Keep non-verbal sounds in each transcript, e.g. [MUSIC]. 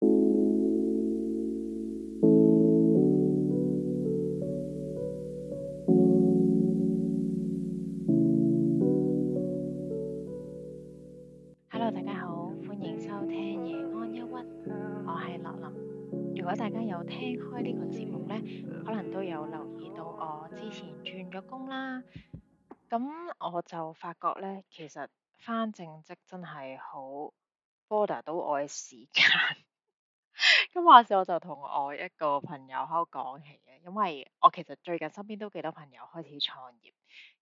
Hello，大家好，歡迎收聽夜安憂鬱，我係樂林。如果大家有聽開呢個節目呢，可能都有留意到我之前轉咗工啦。咁我就發覺呢，其實返正職真係好 border 到我嘅時間。 [LAUGHS] 咁話時，我就同我一個朋友喺度講起嘅，因為我其實最近身邊都幾多朋友開始創業，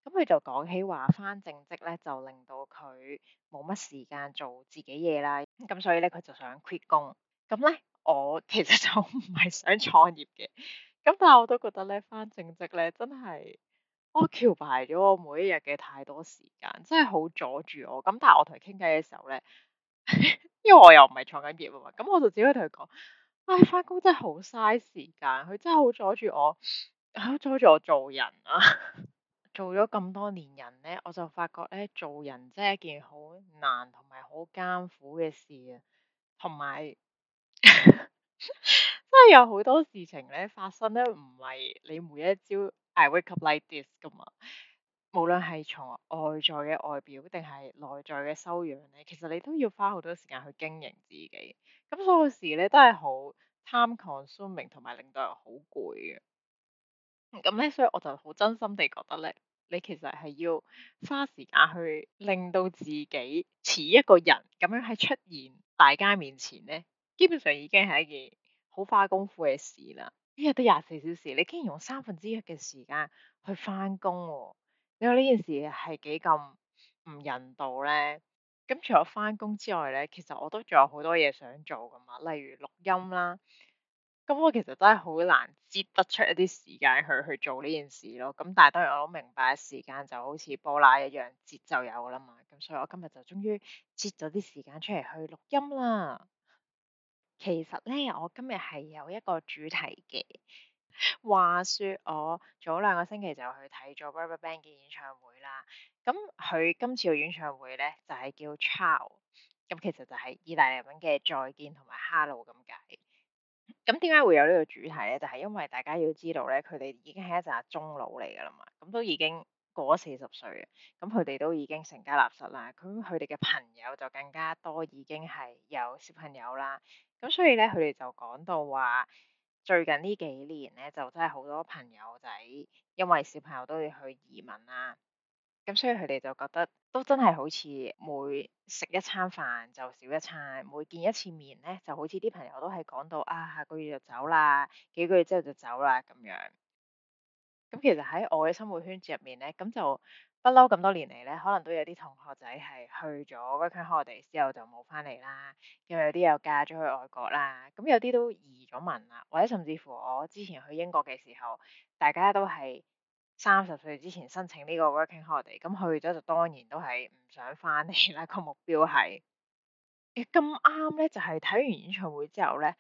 咁佢就講起話返正職咧，就令到佢冇乜時間做自己嘢啦。咁所以咧，佢就想 quit 工。咁咧，我其實就唔係想創業嘅。咁但係我都覺得咧，返正職咧真係我橋排咗我每一日嘅太多時間，真係好阻住我。咁但係我同佢傾偈嘅時候咧。 [LAUGHS] 因為我又唔係創緊業啊嘛，咁我就只可以同佢講，唉，返工真係好嘥時間，佢真係好阻住我，好阻住我做人啊！ [LAUGHS] 做咗咁多年人咧，我就發覺咧，做人真係一件好難同埋好艱苦嘅事啊，同埋 [LAUGHS] 真係有好多事情咧發生咧，唔係你每一朝 I wake up like this 噶嘛。無論係從外在嘅外表定係內在嘅修養咧，其實你都要花好多時間去經營自己。咁好多時咧都係好 time consuming 同埋令到人好攰嘅。咁咧，所以我就好真心地覺得咧，你其實係要花時間去令到自己似一個人咁樣喺出現大家面前咧，基本上已經係一件好花功夫嘅事啦。一日得廿四小時，你竟然用三分之一嘅時間去翻工喎！因為呢件事係幾咁唔人道咧，咁除咗返工之外咧，其實我都仲有好多嘢想做噶嘛，例如錄音啦，咁我其實都係好難接得出一啲時間去去做呢件事咯。咁但係當然我好明白時間就好似波拉一樣，節就有㗎啦嘛。咁所以我今日就終於接咗啲時間出嚟去錄音啦。其實咧，我今日係有一個主題嘅。話説我早兩個星期就去睇咗 Bieber Band 嘅演唱會啦。咁佢今次嘅演唱會咧就係叫 Ciao，咁其實就係意大利文嘅再見同埋 Hello 咁解。咁點解會有呢個主題咧？就係因為大家要知道咧，佢哋已經係一紮中佬嚟噶啦嘛。咁都已經過咗四十歲，咁佢哋都已經成家立室啦。咁佢哋嘅朋友就更加多，已經係有小朋友啦。咁所以咧，佢哋就講到話。最近呢幾年咧，就真係好多朋友仔，因為小朋友都要去移民啦，咁所以佢哋就覺得都真係好似每食一餐飯就少一餐，每見一次面咧，就好似啲朋友都係講到啊，下個月就走啦，幾個月之後就走啦咁樣。咁其實喺我嘅生活圈子入面咧，咁就～不嬲咁多年嚟咧，可能都有啲同學仔係去咗 working holiday 之後就冇翻嚟啦，又有啲又嫁咗去外國啦，咁有啲都移咗民啦，或者甚至乎我之前去英國嘅時候，大家都係三十歲之前申請呢個 working holiday，咁去咗就當然都係唔想翻嚟啦，個目標係誒咁啱咧，就係、是、睇完演唱會之後咧，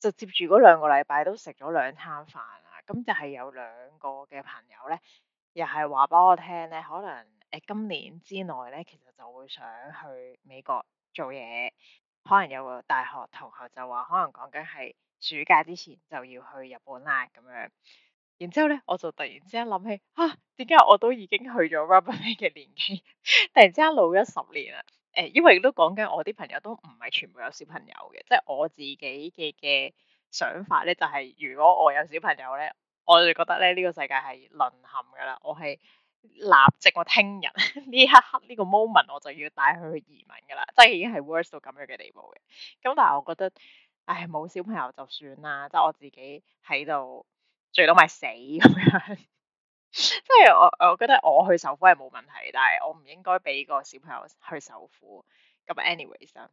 就接住嗰兩個禮拜都食咗兩餐飯啊，咁就係有兩個嘅朋友咧。又係話俾我聽咧，可能誒今年之內咧，其實就會想去美國做嘢。可能有個大學同學就話，可能講緊係暑假之前就要去日本啦咁樣。然之後咧，我就突然之間諗起，啊，點解我都已經去咗 Rubber 嘅年紀， [LAUGHS] 突然之間老咗十年啦。誒，因為亦都講緊我啲朋友都唔係全部有小朋友嘅，即係我自己嘅嘅想法咧，就係如果我有小朋友咧。我就覺得咧呢、呢個世界係淪陷噶啦，我係立即，我聽日呢一刻呢、呢個 moment 我就要帶佢去移民噶啦，即係已經係 worst 到咁樣嘅地步嘅。咁但係我覺得，唉，冇小朋友就算啦，即係我自己喺度最多咪死咁樣。 [LAUGHS] 即係我我覺得我去受苦係冇問題，但係我唔應該俾個小朋友去受苦。咁，anyways。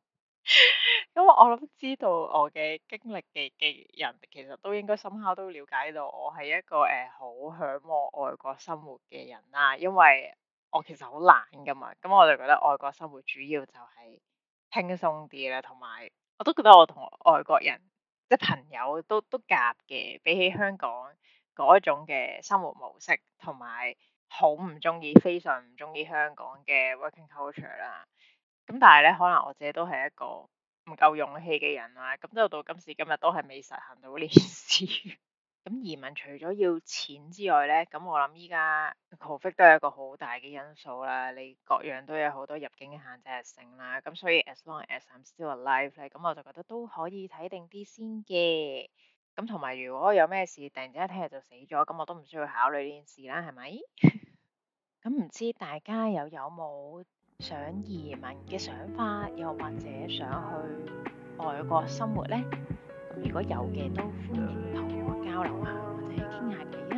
[LAUGHS] 因為我諗知道我嘅經歷嘅嘅人其實都應該深刻都了解到我係一個誒好嚮往外國生活嘅人啦，因為我其實好懶㗎嘛，咁我就覺得外國生活主要就係輕鬆啲啦，同埋我都覺得我同外國人即係朋友都都夾嘅，比起香港嗰一種嘅生活模式，同埋好唔中意，非常唔中意香港嘅 working culture 啦。咁但係咧，可能我自己都係一個唔夠勇氣嘅人啦，咁就到今時今日都係未實行到呢件事。咁 [LAUGHS] 移民除咗要錢之外咧，咁我諗依家 COVID 都係一個好大嘅因素啦。你各樣都有好多入境嘅限制性啦。咁所以 As long as I'm still alive 咧，咁我就覺得都可以睇定啲先嘅。咁同埋如果有咩事突然之間聽日就死咗，咁我都唔需要考慮呢件事啦，係咪？咁 [LAUGHS] 唔知大家又有冇想移民嘅想法，又或者想去外國生活呢？如果有嘅，都歡迎同我交流下，或者傾下偈啊！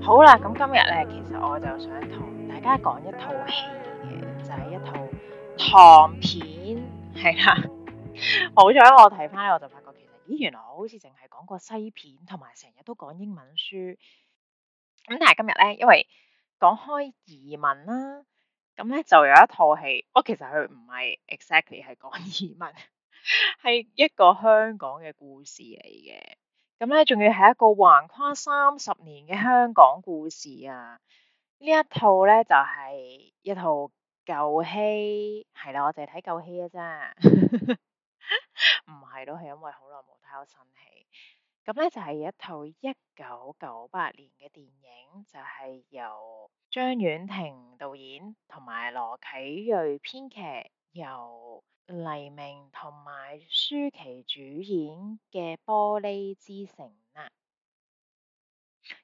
好啦，咁今日呢，其實我就想同大家講一套戲。唐片係啊， [LAUGHS] 好彩我睇翻我就發覺其實咦，原來好似淨係講過西片，同埋成日都講英文書。咁但係今日咧，因為講開移民啦，咁咧就有一套戲，我、哦、其實佢唔係 exactly 係講移民，係 [LAUGHS] 一個香港嘅故事嚟嘅。咁咧仲要係一個橫跨三十年嘅香港故事啊！呢一套咧就係、是、一套。舊戲係啦，我淨係睇舊戲啊，咋。 [LAUGHS] 唔係都係因為好耐冇睇新戲。咁咧就係一套一九九八年嘅電影，就係、是、由張婉婷導演同埋羅啟銳編劇，由黎明同埋舒淇主演嘅《玻璃之城》啦。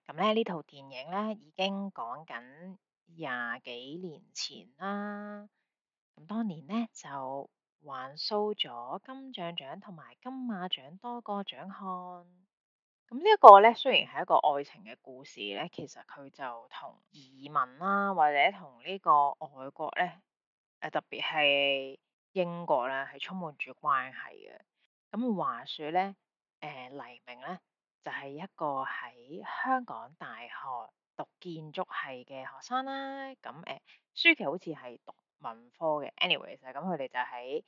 咁咧呢套電影咧已經講緊。廿幾年前啦，咁當年呢，就還收咗金像獎同埋金馬獎多個獎項。咁呢一個咧，雖然係一個愛情嘅故事咧，其實佢就同移民啦，或者同呢個外國咧，誒特別係英國咧，係充滿住關係嘅。咁話説咧，誒黎明咧，就係一個喺香港大學讀建築系嘅學生啦，咁誒，舒淇好似係讀文科嘅，anyways，咁佢哋就喺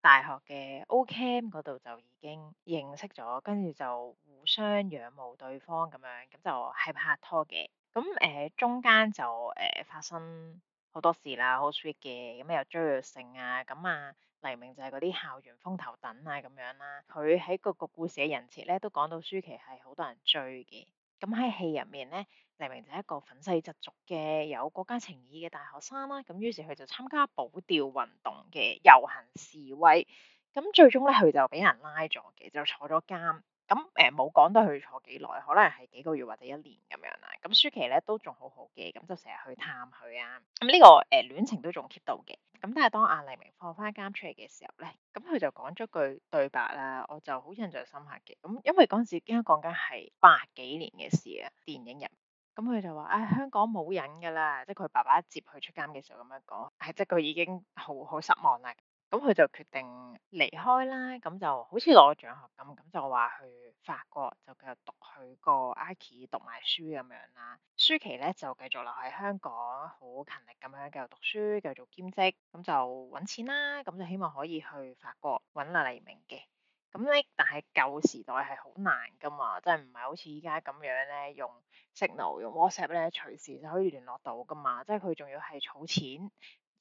大學嘅 O camp 嗰度，就已經認識咗，跟住就互相仰慕對方咁樣，咁就係拍拖嘅。咁誒、呃，中間就誒、呃、發生好多事啦，好 sweet 嘅，咁又追熱性啊，咁啊黎明就係嗰啲校園風頭等啊咁樣啦。佢喺個個故事嘅人設咧，都講到舒淇係好多人追嘅。咁喺戲入面咧，黎明就係一個憤世嫉俗嘅有國家情義嘅大學生啦。咁於是佢就參加保釣運動嘅遊行示威，咁最終咧佢就俾人拉咗嘅，就坐咗監。咁誒冇講得佢坐幾耐，可能係幾個月或者一年咁樣啦。咁舒淇咧都仲好好嘅，咁就成日去探佢啊。咁呢、這個誒、呃、戀情都仲 keep 到嘅。咁但係當阿黎明放翻監出嚟嘅時候咧，咁佢就講咗句對白啦，我就好印象深刻嘅。咁因為嗰陣時應該講緊係八幾年嘅事啊，電影人。咁佢就話，啊、哎、香港冇人㗎啦，即係佢爸爸接佢出監嘅時候咁樣講，係即係佢已經好好失望啦。咁佢就決定離開啦，咁就好似攞獎學金，咁就話去法國，就繼續讀佢個 IKE 讀埋書咁樣啦。舒淇咧就繼續留喺香港，好勤力咁樣繼續讀書，繼續兼職，咁就揾錢啦。咁就希望可以去法國揾阿黎明嘅。咁咧，但係舊時代係好難噶嘛，即係唔係好似依家咁樣咧，用 Signal、用 WhatsApp 咧隨時就可以聯絡到噶嘛，即係佢仲要係儲錢。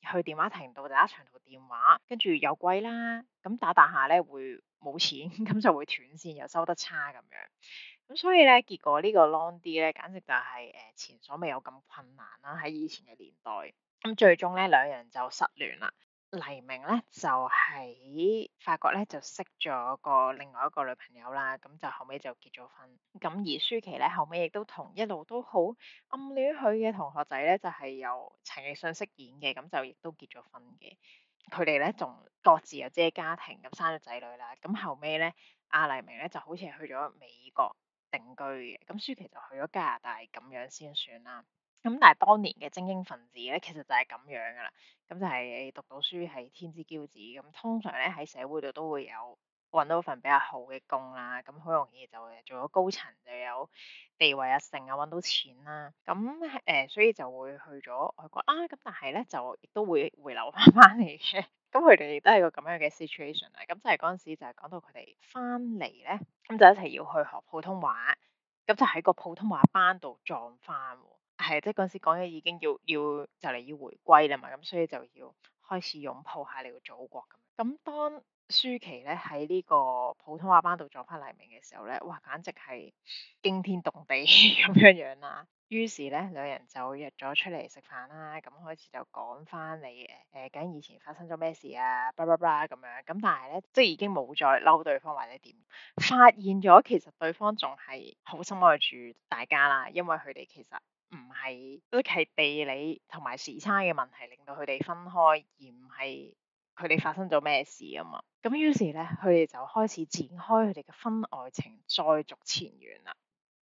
去電話亭度打長途電話，跟住又貴啦，咁打打下咧會冇錢，咁就會斷線又收得差咁樣，咁所以咧結果個呢個 long 咧，簡直就係誒前所未有咁困難啦，喺以前嘅年代，咁、嗯、最終咧兩人就失聯啦。黎明咧就喺法國咧就識咗個另外一個女朋友啦，咁就後尾就結咗婚。咁而舒淇咧後尾亦都同一路都好暗戀佢嘅同學仔咧，就係由陳奕迅飾演嘅，咁就亦都結咗婚嘅。佢哋咧仲各自有自己家庭咁生咗仔女啦。咁後尾咧，阿黎明咧就好似去咗美國定居嘅，咁舒淇就去咗加拿大，咁樣先算啦。咁但係當年嘅精英分子咧，其實就係咁樣噶啦。咁就係讀到書係天之驕子，咁通常咧喺社會度都會有揾到份比較好嘅工啦。咁好容易就做咗高層，就有地位啊，成啊，揾到錢啦。咁、呃、誒，所以就會去咗外國啊。咁但係咧，就亦都會回流翻翻嚟嘅。咁佢哋亦都係個咁樣嘅 situation 啊。咁就係嗰陣時就係講到佢哋翻嚟咧，咁就一齊要去學普通話，咁就喺個普通話班度撞翻。係，即係嗰時講嘢已經要要就嚟要，要，要，要回歸啦嘛，咁所以就要開始擁抱下你個祖國咁。咁當舒淇咧喺呢個普通話班度撞翻黎明嘅時候咧，哇，簡直係驚天動地咁樣樣啦。於是咧，兩人就約咗出嚟食飯啦，咁開始就講翻你誒誒，梗、呃、以前發生咗咩事啊，巴拉巴拉咁樣。咁但係咧，即係已經冇再嬲對方或者點，發現咗其實對方仲係好心愛住大家啦，因為佢哋其實。唔係，都係地理同埋時差嘅問題，令到佢哋分開，而唔係佢哋發生咗咩事啊嘛。咁於是咧，佢哋就開始展開佢哋嘅婚外情，再續前緣啦。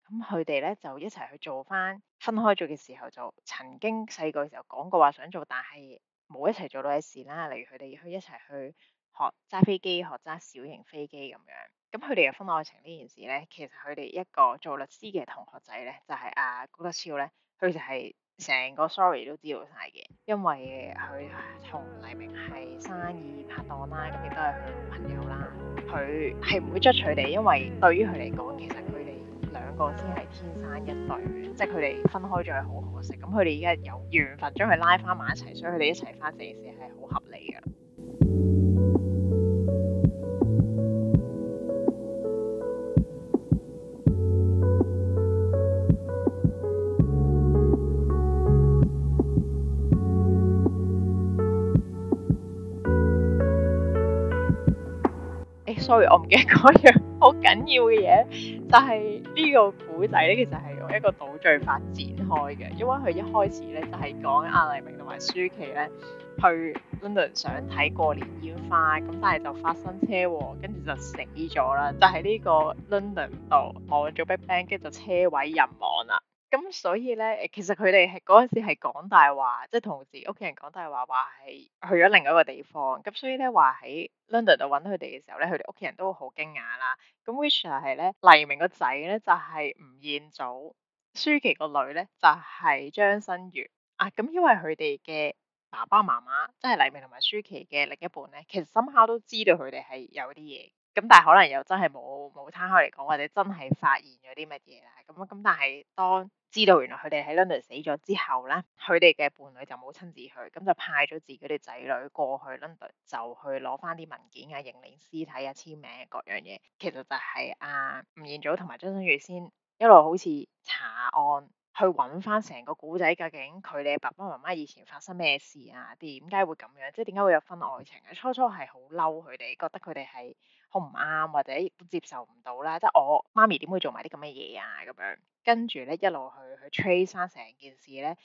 咁佢哋咧就一齊去做翻分開咗嘅時候就曾經細個嘅時候講過話想做，但係冇一齊做到嘅事啦。例如佢哋去一齊去。學揸飛機，學揸小型飛機咁樣，咁佢哋嘅婚愛情呢件事咧，其實佢哋一個做律師嘅同學仔咧，就係阿高德超咧，佢就係成個 story 都知道晒嘅，因為佢、啊、同黎明係生意拍檔啦，咁、啊、亦都係朋友啦，佢係唔會 judge 佢哋，因為對於佢嚟講，其實佢哋兩個先係天生一對，即係佢哋分開咗好可惜，咁佢哋而家有緣分將佢拉翻埋一齊，所以佢哋一齊翻呢件事係好合理嘅。Sorry，我唔記得嗰樣好緊要嘅嘢，就係呢個古仔咧，其實係用一個倒敍法展開嘅，因為佢一開始咧就係、是、講阿黎明同埋舒淇咧，去 London 想睇過年煙花，咁但係就發生車禍，跟住就死咗啦。就喺呢個 London 度我做 big bang 跟住就車毀人亡啦。咁所以咧，誒其實佢哋係嗰陣時係講大話，即係同自己屋企人講大話，話係去咗另一個地方。咁所以咧，話喺 London 度揾佢哋嘅時候咧，佢哋屋企人都會好驚訝啦。咁 which 就係咧，黎明個仔咧就係吳彥祖，舒淇個女咧就係張新馳。啊，咁因為佢哋嘅爸爸媽媽，即係黎明同埋舒淇嘅另一半咧，其實 somehow 都知道佢哋係有啲嘢。咁但係可能又真係冇冇攤開嚟講，或者真係發現咗啲乜嘢啦。咁咁，但係當知道原來佢哋喺 London 死咗之後咧，佢哋嘅伴侶就冇親自去，咁就派咗自己啲仔女過去 London 就去攞翻啲文件啊、認領屍體啊、簽名各樣嘢。其實就係、是、啊，吳彥祖同埋張新月先一路好似查案。去揾翻成個古仔，究竟佢哋嘅爸爸媽媽以前發生咩事啊？啲點解會咁樣？即係點解會有分愛情嘅、啊？初初係好嬲佢哋，覺得佢哋係好唔啱或者接受唔到啦。即係我媽咪點會做埋啲咁嘅嘢啊？咁樣跟住咧一路去去 trace、er、翻成件事咧，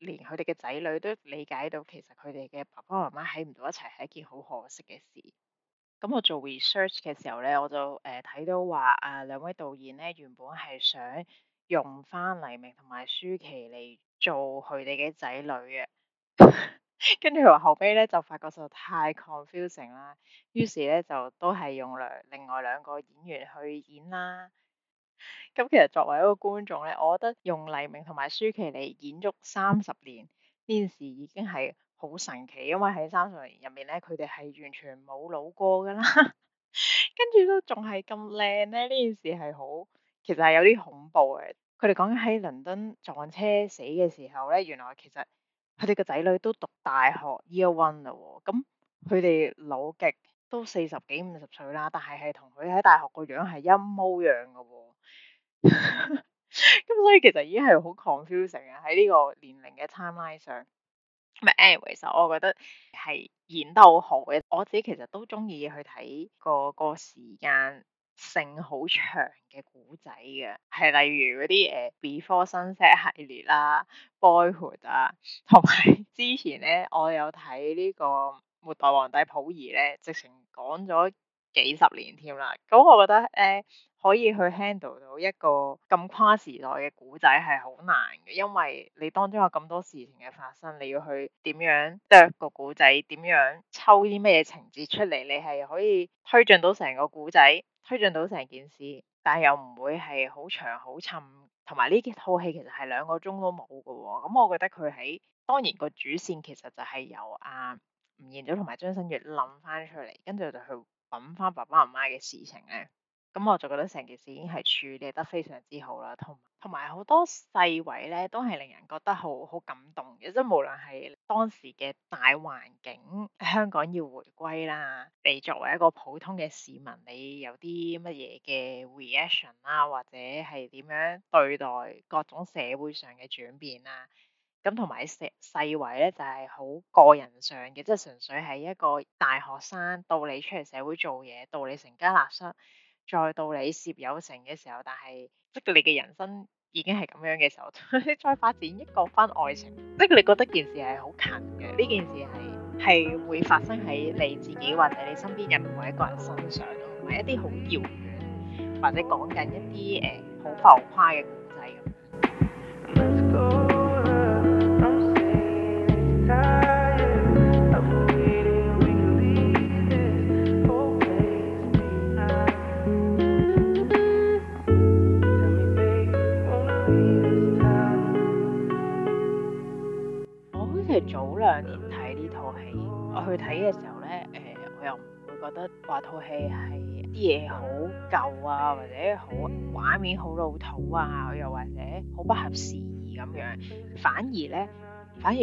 連佢哋嘅仔女都理解到，其實佢哋嘅爸爸媽媽喺唔到一齊係一件好可惜嘅事。咁我做 research 嘅時候咧，我就誒睇、呃、到話啊，兩位導演咧原本係想，用翻黎明同埋舒淇嚟做佢哋嘅仔女嘅， [LAUGHS] 跟住話後尾咧就發覺實在太 confusing 啦，於是咧就都係用咗另外兩個演員去演啦。咁其實作為一個觀眾咧，我覺得用黎明同埋舒淇嚟演足三十年呢件事已經係好神奇，因為喺三十年入面咧，佢哋係完全冇老過噶啦， [LAUGHS] 跟住都仲係咁靚咧，呢件事係好其實係有啲恐怖嘅。佢哋講緊喺倫敦撞車死嘅時候咧，原來其實佢哋個仔女都讀大學 year one 啦、哦。咁佢哋老極都四十幾五十歲啦，但係係同佢喺大學個樣係一模樣嘅喎、哦。咁、 [LAUGHS] [LAUGHS] 嗯、所以其實已經係好 confusing 啊。喺呢個年齡嘅 timeline 上，唔係。anyway，我覺得係演得好好嘅。我自己其實都中意去睇、那個、那個時間。性好長嘅古仔嘅，係例如嗰啲誒 Before Sunset 系列啦，Boyhood 啊，同埋之前咧，我有睇呢個末代皇帝溥儀咧，直情講咗幾十年添啦，咁我覺得咧、欸、可以去 handle 到一個咁跨時代嘅古仔係好難嘅，因為你當中有咁多事情嘅發生，你要去點樣剁個古仔，點樣抽啲咩嘢情節出嚟，你係可以推進到成個古仔，推進到成件事，但係又唔會係好長好沉，同埋呢套戲其實係兩個鐘都冇㗎，咁我覺得佢喺當然個主線其實就係由啊，吳彥祖同埋張新月諗翻出嚟，跟住就去。揾翻爸爸媽媽嘅事情咧，咁我就覺得成件事已經係處理得非常之好啦，同同埋好多細位咧都係令人覺得好好感動嘅，即係無論係當時嘅大環境，香港要回歸啦，你作為一個普通嘅市民，你有啲乜嘢嘅 reaction 啦，或者係點樣對待各種社會上嘅轉變啦。咁同埋喺細細咧，就係、是、好個人上嘅，即係純粹係一個大學生到你出嚟社會做嘢，到你成家立室，再到你事業有成嘅時候，但係即係你嘅人生已經係咁樣嘅時候，再發展一個翻愛情，即係你覺得件事係好近嘅，呢件事係係會發生喺你自己或者你身邊任何一個人身上，唔係一啲好遙遠或者講緊一啲誒好浮誇嘅故仔咁。早兩年睇呢套戲，我去睇嘅時候呢，誒、呃、我又唔會覺得話套戲係啲嘢好舊啊，或者好畫面好老土啊，又或者好不合時宜咁樣。反而呢，反而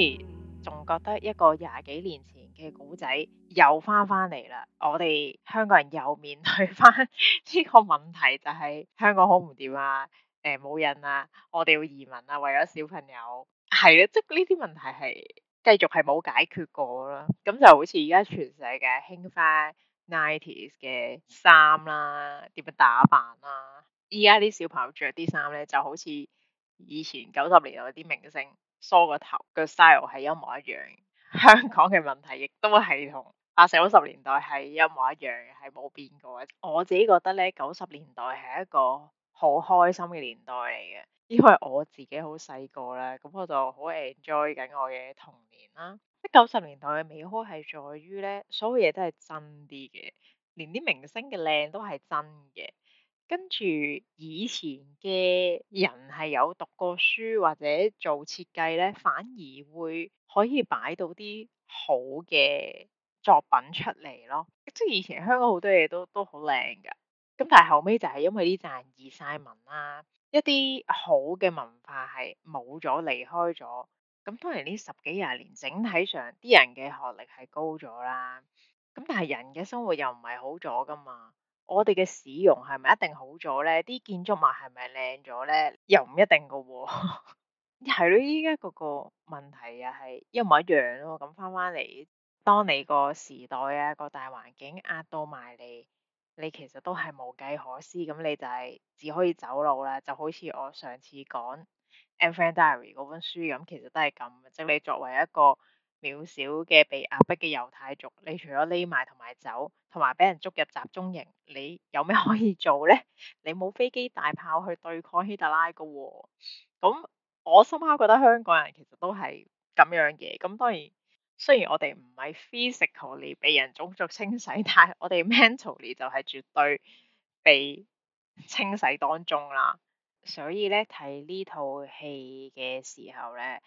仲覺得一個廿幾年前嘅古仔又翻翻嚟啦。我哋香港人又面對翻呢個問題，就係香港好唔掂啊，誒、呃、冇人啊，我哋要移民啊，為咗小朋友係啊，即係呢啲問題係。繼續係冇解決過啦，咁就好似而家全世界興翻 90s 嘅衫啦，點樣打扮啦？依家啲小朋友着啲衫咧，就好似以前九十年代啲明星梳個頭，個 style 係一模一樣。香港嘅問題亦都係同八九十年代係一模一樣嘅，係冇變過。我自己覺得咧，九十年代係一個好開心嘅年代嚟嘅。因為我自己好細個咧，咁我就好 enjoy 緊我嘅童年啦。即係九十年代嘅美好係在於咧，所有嘢都係真啲嘅，連啲明星嘅靚都係真嘅。跟住以前嘅人係有讀過書或者做設計咧，反而會可以擺到啲好嘅作品出嚟咯。即係以前香港好多嘢都都好靚噶，咁但係後尾就係因為啲賺二晒文啦、啊。一啲好嘅文化係冇咗，離開咗。咁當然呢十幾廿年，整體上啲人嘅學歷係高咗啦。咁但係人嘅生活又唔係好咗噶嘛？我哋嘅市容係咪一定好咗咧？啲建築物係咪靚咗咧？又唔一定噶喎、啊。係 [LAUGHS] 咯，依家個個問題又係一模一樣咯。咁翻翻嚟，當你個時代啊個大環境壓到埋你。你其實都係無計可施，咁你就係只可以走路啦。就好似我上次講《Am Friend Diary》嗰本書咁，其實都係咁。即係你作為一個渺小嘅被壓迫嘅猶太族，你除咗匿埋同埋走，同埋俾人捉入集中營，你有咩可以做咧？你冇飛機大炮去對抗希特拉噶喎。咁我深刻覺得香港人其實都係咁樣嘅。咁當然。雖然我哋唔係 physically 被人種族清洗，但係我哋 mentally 就係絕對被清洗當中啦。 [LAUGHS] 所以咧，睇呢套戲嘅時候咧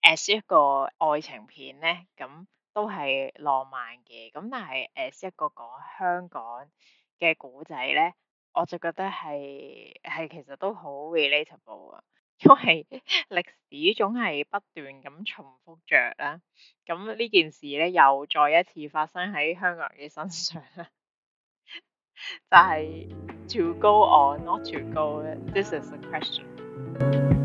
，as 一個愛情片咧，咁都係浪漫嘅。咁但係 as 一個講香港嘅古仔咧，我就覺得係係其實都好 relatable 啊。因為歷史總係不斷咁重複着啦，咁呢件事咧又再一次發生喺香港人嘅身上啦。 [LAUGHS] 但係，to go or not to go，this is a question。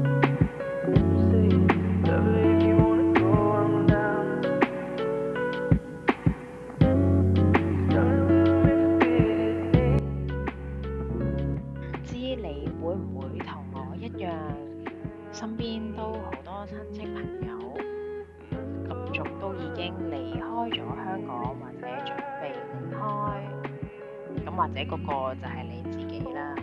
或者嗰個就係你自己啦。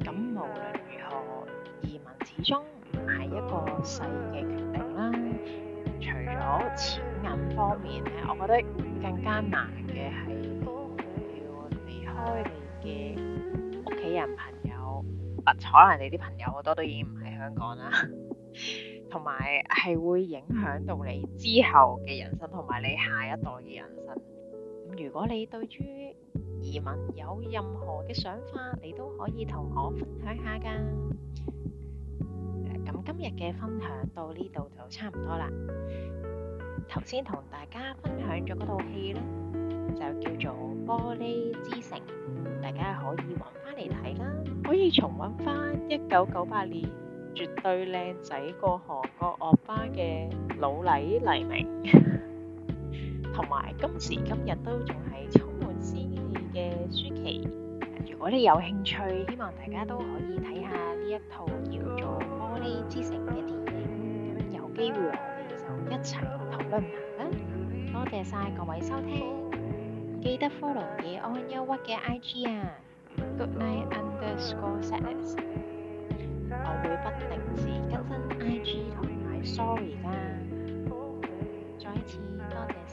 咁無論如何，移民始終唔係一個細嘅決定啦。除咗錢銀方面咧，我覺得更加難嘅係要離開你嘅屋企人朋友。可能你啲朋友好多都已經唔喺香港啦，同埋係會影響到你之後嘅人生同埋你下一代嘅人生。如果你對於移民有任何嘅想法，你都可以同我分享下㗎。咁今日嘅分享到呢度就差唔多啦。頭先同大家分享咗嗰套戲呢，就叫做《玻璃之城》，大家可以揾翻嚟睇啦，可以重溫翻一九九八年絕對靚仔過韓國樂霸嘅老李黎明。同埋今時今日都仲係充滿詩意嘅舒淇，如果你有興趣，希望大家都可以睇下呢一套叫做《玻璃之城》嘅電影。咁有機會我哋就一齊討論下啦。多謝晒各位收聽，記得 follow 夜安憂鬱嘅 IG 啊。Good night underscore sadness，我會不定時更新 IG 同埋 story 噶。再一次多謝。